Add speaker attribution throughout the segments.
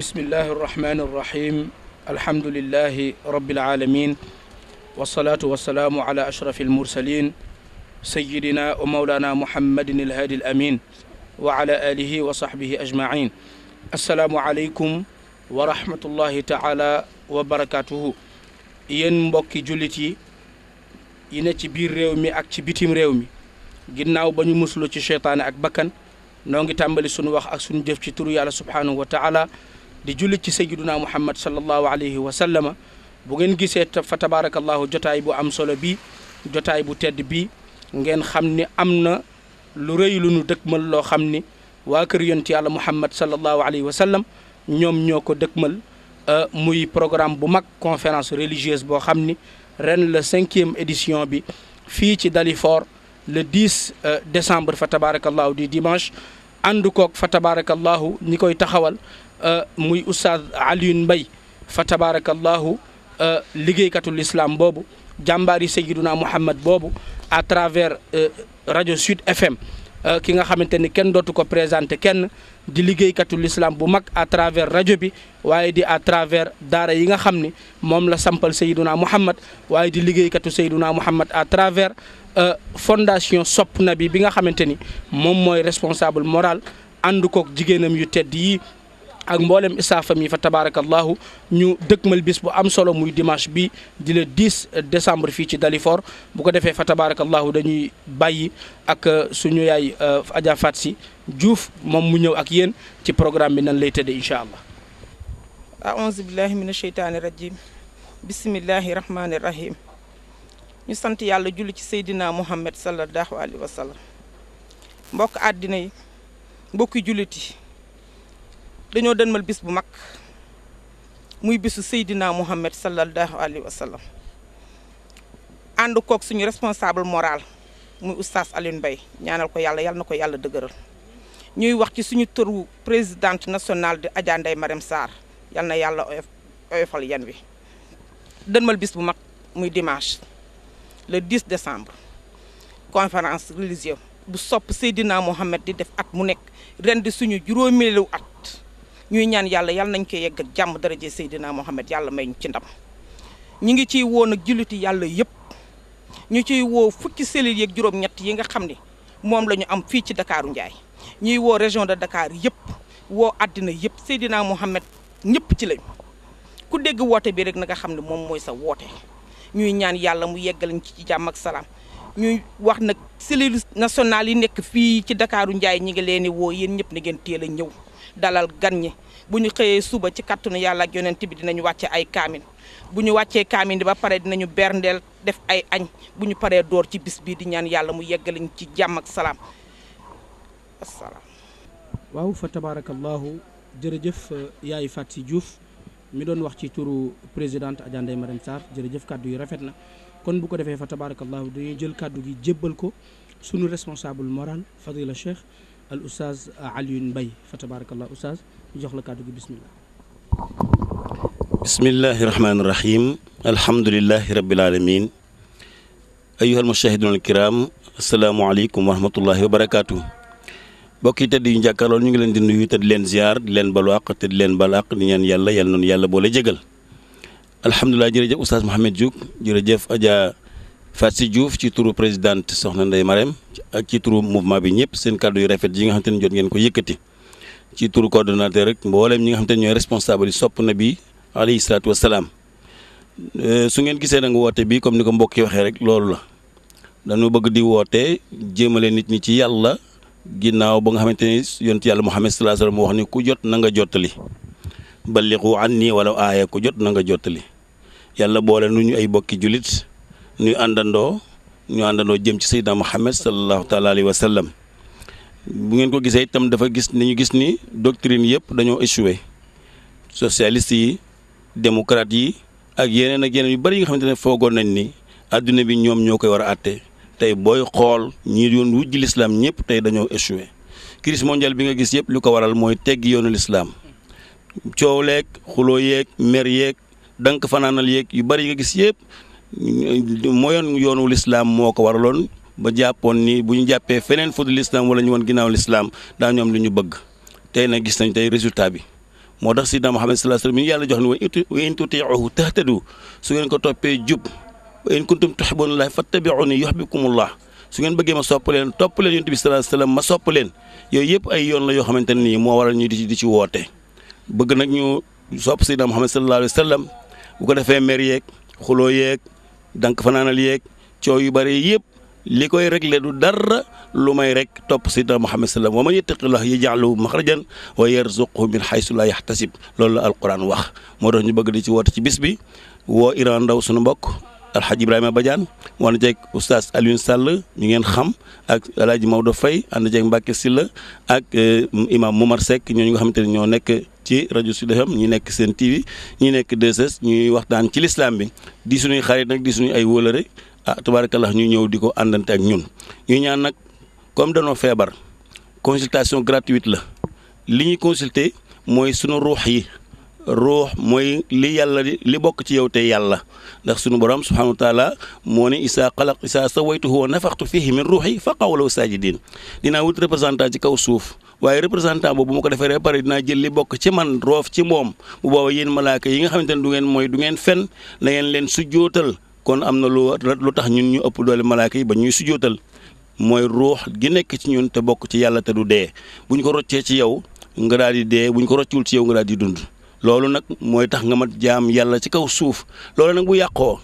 Speaker 1: بسم الله الرحمن الرحيم الحمد لله رب العالمين والصلاة والسلام على أشرف المرسلين سيدنا ومولانا محمد الهادي الأمين وعلى آله وصحبه أجمعين السلام عليكم ورحمة الله تعالى وبركاته ين بوكي جولتي yi yi ريومي ci biir ريومي جناو بني مسلو تشيطان réew mi ginnaaw ba ñu muslu ci cheytaane ak bakkan di julli ci sayyiduna muhammad sallallahu alayhi wa sallam bu ngeen gisee fa tabaarakallahu jotaay bu am solo bi jotaay bu tedd bi ngeen xam ni am na lu rëy lu nu dëkkmal loo xam ni waa kër yàlla muhammad sallallahu alayhi wa sallam ñoom ñoo ko dëkkmal muy programme bu mag conférence religieuse boo xam ni ren le cinquième édition bi fii ci dalifor le 10 décembre fa tabaarakallahu di dimanche ànd koog fa tabaarakallahu ñi koy taxawal Euh, muy oustaz Alioune Mbaye fa tabarakallahu euh, liggéeykatul islam boobu jàmbaari Seydina Mouhamed boobu à travers euh, rajo Sud FM ki nga xamante ni kenn dootu ko présenté kenn di liggéeykatul islam bu mag à travers rajo bi waaye di à travers daara yi nga xam ni moom la sampal Seydina Mouhamed waaye di liggéeykatu Seydina Mouhamed à travers fondation Sopp Nabi bi nga xamante ni moom mooy responsable moral ànd kook jigéenam yu tedd yi ak mboolem istaafam yi fa tabaarakallahu ñu dëkkmal bis bu am solo muy dimanche bi di le 10 décembre fii ci dalifor bu ko defee fa tabaarakallahu dañuy bàyyi ak suñu yaay euh, Adja Fat si Diouf moom mu ñëw ak yéen ci programme bi nan lay tëddee incha allah
Speaker 2: aouzu billahi mina sheytaani rajim bismillahi rahmaani rahim ñu sant yàlla julli ci seydina Muhammad sallallahu alayhi wa mbokk àddina yi mbokki julliti dañoo dënmal bis bu mag muy bisu Seydina mohammed sallallahu alayhi wa sallam ànd kook suñu responsable moral muy oustaz Alioune bay ñaanal ko yàlla yàlla na ko yàlla dëgëral ñuy wax ci suñu tëru présidente nationale de Adja Ndeye Marème Sarr yal na yàlla oyofal yan wi dënmal bis bu mag muy dimanche le 10 décembre conférence religieuse bu sopp Seydina mohammed di def at mu nekk ren di suñu juróomeelu at ñuy ñaan yàlla yàlla nañ ko yegg ak jàmm daraje Seydina Mohamed yàlla may ñu ci ndam ñi ngi ciy woo nag julliti yàlla yëpp ñu ciy woo fukki cellules yeeg juróom-ñett yi nga xam ni moom la ñu am fii ci Dakaaru Njaay ñuy woo région de Dakar yëpp woo àddina yëpp Seydina Mohamed ñëpp ci lañ ku dégg woote bi rek na xam ne moom mooy sa woote ñuy ñaan yàlla mu yeggalañ ci jàmm ak salaam ñuy wax nag cellules nationales yi nekk fii ci Dakaaru Njaay ñi ngi leen di woo yéen ñëpp na ngeen teel a ñëw dalal gan ñi bu ñu xëyee suba ci kàttanu yàlla ak yonent bi dinañu wàcce ay kaamin bu ñu wàccee kaamin di ba pare dinañu berndeel def ay añ bu ñu paree door ci bis bii di ñaan yàlla mu yeggaliñ ci jàmm ak salaam asalaam
Speaker 1: waaw fa tabaarakallaahu jërëjëf euh, yaay Faty Diouf mi doon wax ci turu présidente Adja Ndeye Marème Sarr jërëjëf kàddu yi rafet na kon bu ko defee fa tabaarakallaahu dañuy jël kàddu gi jébbal ko sunu responsable moral Fadila Cheikh al oustaz Alioune Mbaye fa tabarakallah oustaz ñu jox la kàddu gi bismillah
Speaker 3: bismillahi rahmaani rahim alhamdulilahi rabbil alamin ayyuhal mushahidun alkiram asalaamualeykum wa rahmatullahi wa barakaatu mbokk yi tedd ñu ngi leen dindu nuyu te di leen ziar di leen balu àq te di leen balu di ñaan yàlla yàlla noonu yàlla boole jégal alhamdulilah jërëjëf oustaz Mouhamed Diouk jërëjëf Adja Fatou Diouf ci turu présidente soxna Ndeye Marème ak ci turu mouvement bi ñëpp seen kàddu yu rafet yi nga xam te ne jot ngeen ko yëkkati ci turu coordonnateur rek mboolem ñi nga xam te ne ñooy responsable yi sopp na bi alayhi salaatu euh, su ngeen gisee nag woote bi comme ni ko mbokk yi waxee rek loolu la dañu bëgg di woote jéemale nit ñi ci yàlla ginnaaw ba nga xamante ni yonent yàlla Muhammad sallallahu alayhi wasallam wax ni ku jot na nga jottali balliqu anni wala aaya ku jot na nga jottali yàlla boole nu ñu ay julit ñuy àndandoo ñu àndandoo jëm ci sayyidina Muhammad sallallahu taala alayhi bu ngeen ko gisee tam dafa gis ni ñu gis ni doctrine yëpp dañoo échoué socialiste yi démocrate yi ak yeneen ak yeneen yu bari yi nga xamante ne foogoon nañ ni adduna bi ñoom ñoo koy war a àtte tey booy xool ñi doon wujj lislaam ñëpp tey dañoo échoué crise mondiale bi nga gis yëpp lu ko waral mooy tegg yoonu lislaam coow leeg xuloo yeeg mer yeeg dank fanaanal yeeg yu bari yi nga gis yëpp mooyoon yoonu lislaam moo ko waraloon ba jàppoon ni bu ñu jàppee feneen fu dul lislaam wala ñu woon ginnaaw lislaam daa ñoom lu ñu bëgg tey nag gis nañ tey résultat bi moo tax sidna Muhammad sallallahu alayhi wasallam mi ñu yàlla jox ni wa in tuti'uhu tahtadu su ngeen ko toppee jub wa in kuntum tuhibbunallaha fattabi'uni yuhbibkumullah su ngeen ma sopp leen topp leen yonent bi sallallahu alayhi ma sopp leen yooyu yëpp la yoo xamante ne nii moo waral ñu di di ci woote bëgg nag ñu sopp sidna Muhammad sallallahu alayhi wasallam bu ko defee mer yeeg xuloo yeeg donc fanaanal yeeg coow yu bëri yëpp li koy réglé du dara lu may rek topp sidna Muhammad salaam wa man yattaqillah yaj'al lahu maxrajan wa yarzuqhu min haysu la yahtasib loolu la alquran wax moo tax ñu bëgg di ci woote ci bis bi woo Iran ndaw suñu mbokk alxaj Ibrahima Badiane mu ànd ceeg oustaz Alioune Sall ñu ngeen xam ak El Hadj Maodo Faye ànd ceeg Mbacke la ak eh, imam Momar ñoo ñu nga xamante ne ñoo nekk ci rajo Sud FM ñi nekk seen TV ñi nekk 2S ñuy waxtaan ci lislaam bi di suñuy xarit nag di suñu ay wóolare ah tabaarakallah ñu ñëw di ko àndante ak ñun. ñu ñaan nag comme danoo feebar consultation gratuite la li ñuy consulter mooy sunu ruux yi. ruux mooy li yàlla li bokk ci yow te yàlla ndax sunu borom subhanahu wa taala moo ne isaa xalaq isaa sawaytuhu wa nafaxtu fihi min ruuxi fa qawlaw saajidin dinaa wut représentant ci kaw suuf waaye représentant boobu bu ma ko defee ba pare dinaa jël li bokk ci man roof ci moom bu booba yéen malaaka yi nga xamante ne du ngeen mooy du ngeen fen na ngeen leen sujjootal kon am na lu lu tax ñun ñu ëpp doole malaaka yi ba ñuy sujjootal mooy ruux gi nekk ci ñun te bokk ci yàlla te du dee bu ñu ko roccee ci yow nga daal dee bu ñu ko roccul ci yow nga daal di dund loolu nag mooy tax nga mat jaam yàlla ci kaw suuf loolu nag bu yàqoo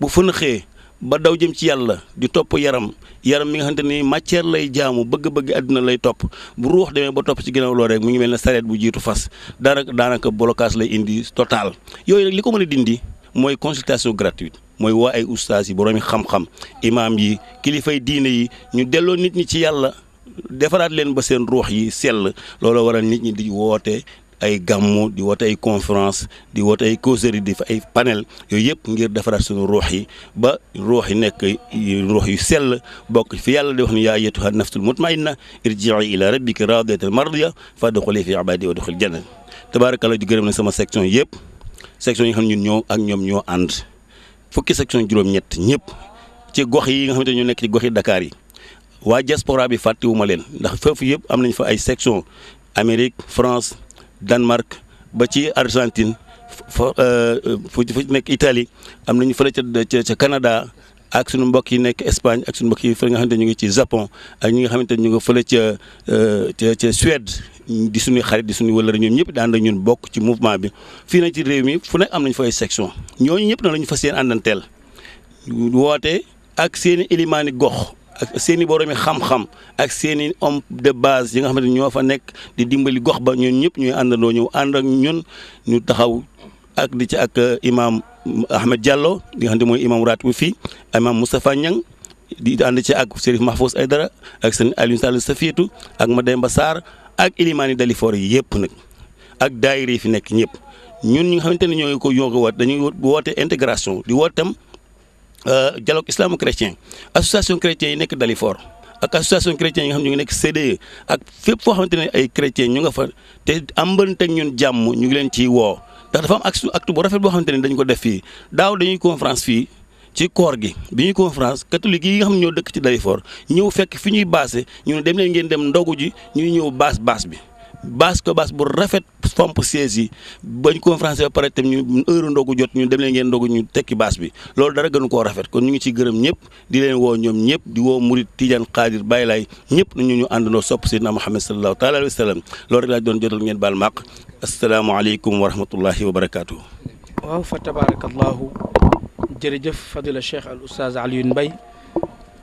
Speaker 3: bu fënaxee ba daw jëm ci yàlla di topp yaram yaram mi nga xamante ni matière lay jaamu bëgg-bëgg àddina lay topp bu ruux demee ba topp ci ginnaaw loolu rek mu ngi mel ne sareet bu jiitu fas daanaka daanaka blocage lay indi total yooyu nag li ko mën a dindi mooy consultation gratuite mooy waa ay ustaas yi boroomi xam-xam imaam yi kilifay diine yi ñu delloo nit ñi ci yàlla defaraat leen ba seen ruux yi sell looloo waral nit ñi di woote ay gàmmu di woote ay conférence di woote ay causerie di fa ay panel yooyu yëpp ngir defaraat suñu roox yi ba roox yi nekk ruux yu sell bokk fi yàlla di wax ni yaa ayyatuha nafsul mutmainna irji'i ila rabbiki radiyatan mardiya fadxuli fi ibadi wa duxil janna tabaarakalla di gërëm na sama section yëpp section yi nga xam ñun ñoo ak ñoom ñoo ànd fukki section juróom ñëpp ci gox yi nga xamante ne ñoo nekk ci gox yi Dakar yi waa diaspora bi fàttewuma leen ndax foofu yëpp am nañ fa ay section Danemark ba ci Argentine fa euh, fu nekk itali am nañu fële ca ca Canada ak suñu mbokk yi nekk Espagne ak suñu mbokk yi fële nga xamante ñu ngi ci Japon ak nga xamante ñu nga fële ca euh, ca ca di suñuy xarit di suñuy wëllëre ñoom ñëpp daan la ñun bokk ci mouvement bi fii nag ci réew mi fu nekk am nañu fa ay section ñooñu ñëpp na la ñu fas yéene àndanteel woote ak seeni ilimaani gox ak seen i boroomi xam-xam ak seeni i de base yi nga xamante ni ñoo fa nekk di dimbali gox ba ñun ñëpp ñuy àndandoo ñëw ànd ak ñun ñu taxaw ak di ci ak euh, imaam euh, Ahmed Diallo di nga xam ne mooy imaam raatib fii imaam Moustapha Niang di ànd ci ak Serif ay dara ak seen Alioune Sall Safiétou ak Mademba Sarr ak Ilimani Dalifor yi yëpp nag ak daayira yi fi nekk ñëpp ñun ñu nga xamante ne ñoo ko ñoo ko woote dañuy woote intégration di woote Euh, dialogue islamo-chrétien association chrétien yi nekk Dalifort ak association chrétien yi nga xam ñu ngi nekk CDE ak fépp foo xamante ne ay chrétien ñu nga fa te ambanteeg ñun jàmm ñu ngi leen ciy woo ndax dafa am acte acte bu rafet boo xamante ne dañ ko def fii daaw dañuy conférence fii ci koor gi bi ñuy conférence catholique yi nga xam ñoo dëkk ci Dalifort ñëw fekk fi ñuy baase ñu ne dem leen ngeen dem ndogu ji ñuy ñëw baas baas bi baas ko baas bu rafet fomp siège yi bañ conférence ba pare tam ñu heure ndogu jot ñu dem leen ngeen ndogu ñu tekki baas bi loolu dara gënu koo rafet kon ñu ngi ci gërëm ñëpp di leen woo ñoom ñëpp di woo murit Tidiane Xaadir Baay Laay ñëpp ñu ñu àndandoo sopp Seydina Muhammad sallallahu taala alayhi wa sallam loolu rek laa doon jotal ngeen baal màq asalaamaaleykum wa rahmatullahi wa barakaatu.
Speaker 1: waaw fa tabarakallahu jërëjëf fadila Cheikh al Oustaz Alioune Mbaye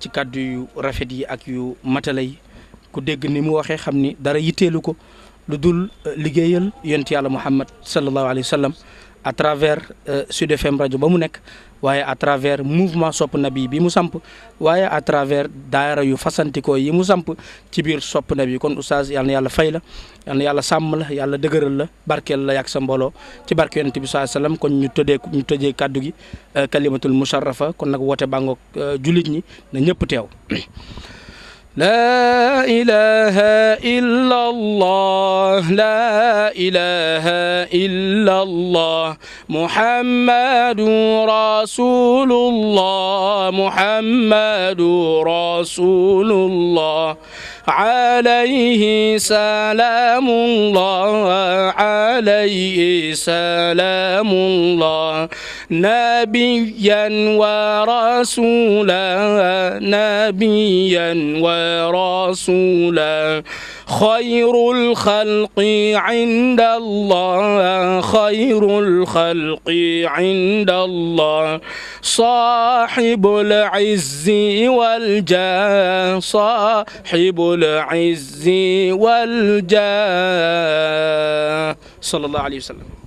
Speaker 1: ci kàddu yu rafet yi ak yu matale yi ku dégg ni mu waxee xam ni dara yitteelu ko lu dul euh, liggéeyal yonent yàlla Muhammad sallallahu alayhi wa sallam à travers euh, Sud FM rajo ba mu nekk waaye à travers mouvement sopp nabi bi mu samp waaye à travers daara yu fasantikoo yi mu samp ci biir sopp nabi kon oustaz yal na yàlla fay la yàlla sàmm la yàlla dëgëral la barkeel la yàgg sa mbooloo ci barke yonent bi saa sallam kon ñu tëddee ñu tëjee kàddu gi euh, kalimatul musharrafa kon nag woote bàngoog jullit ñi na ñëpp teew لا إله إلا الله لا إله إلا الله محمد رسول الله محمد رسول الله عليه سلام الله عليه سلام الله نبيا ورسولا نبيا ورسولا خير الخلق عند الله خير الخلق عند الله صاحب العز والجاه صاحب العز والجاه صلى الله عليه وسلم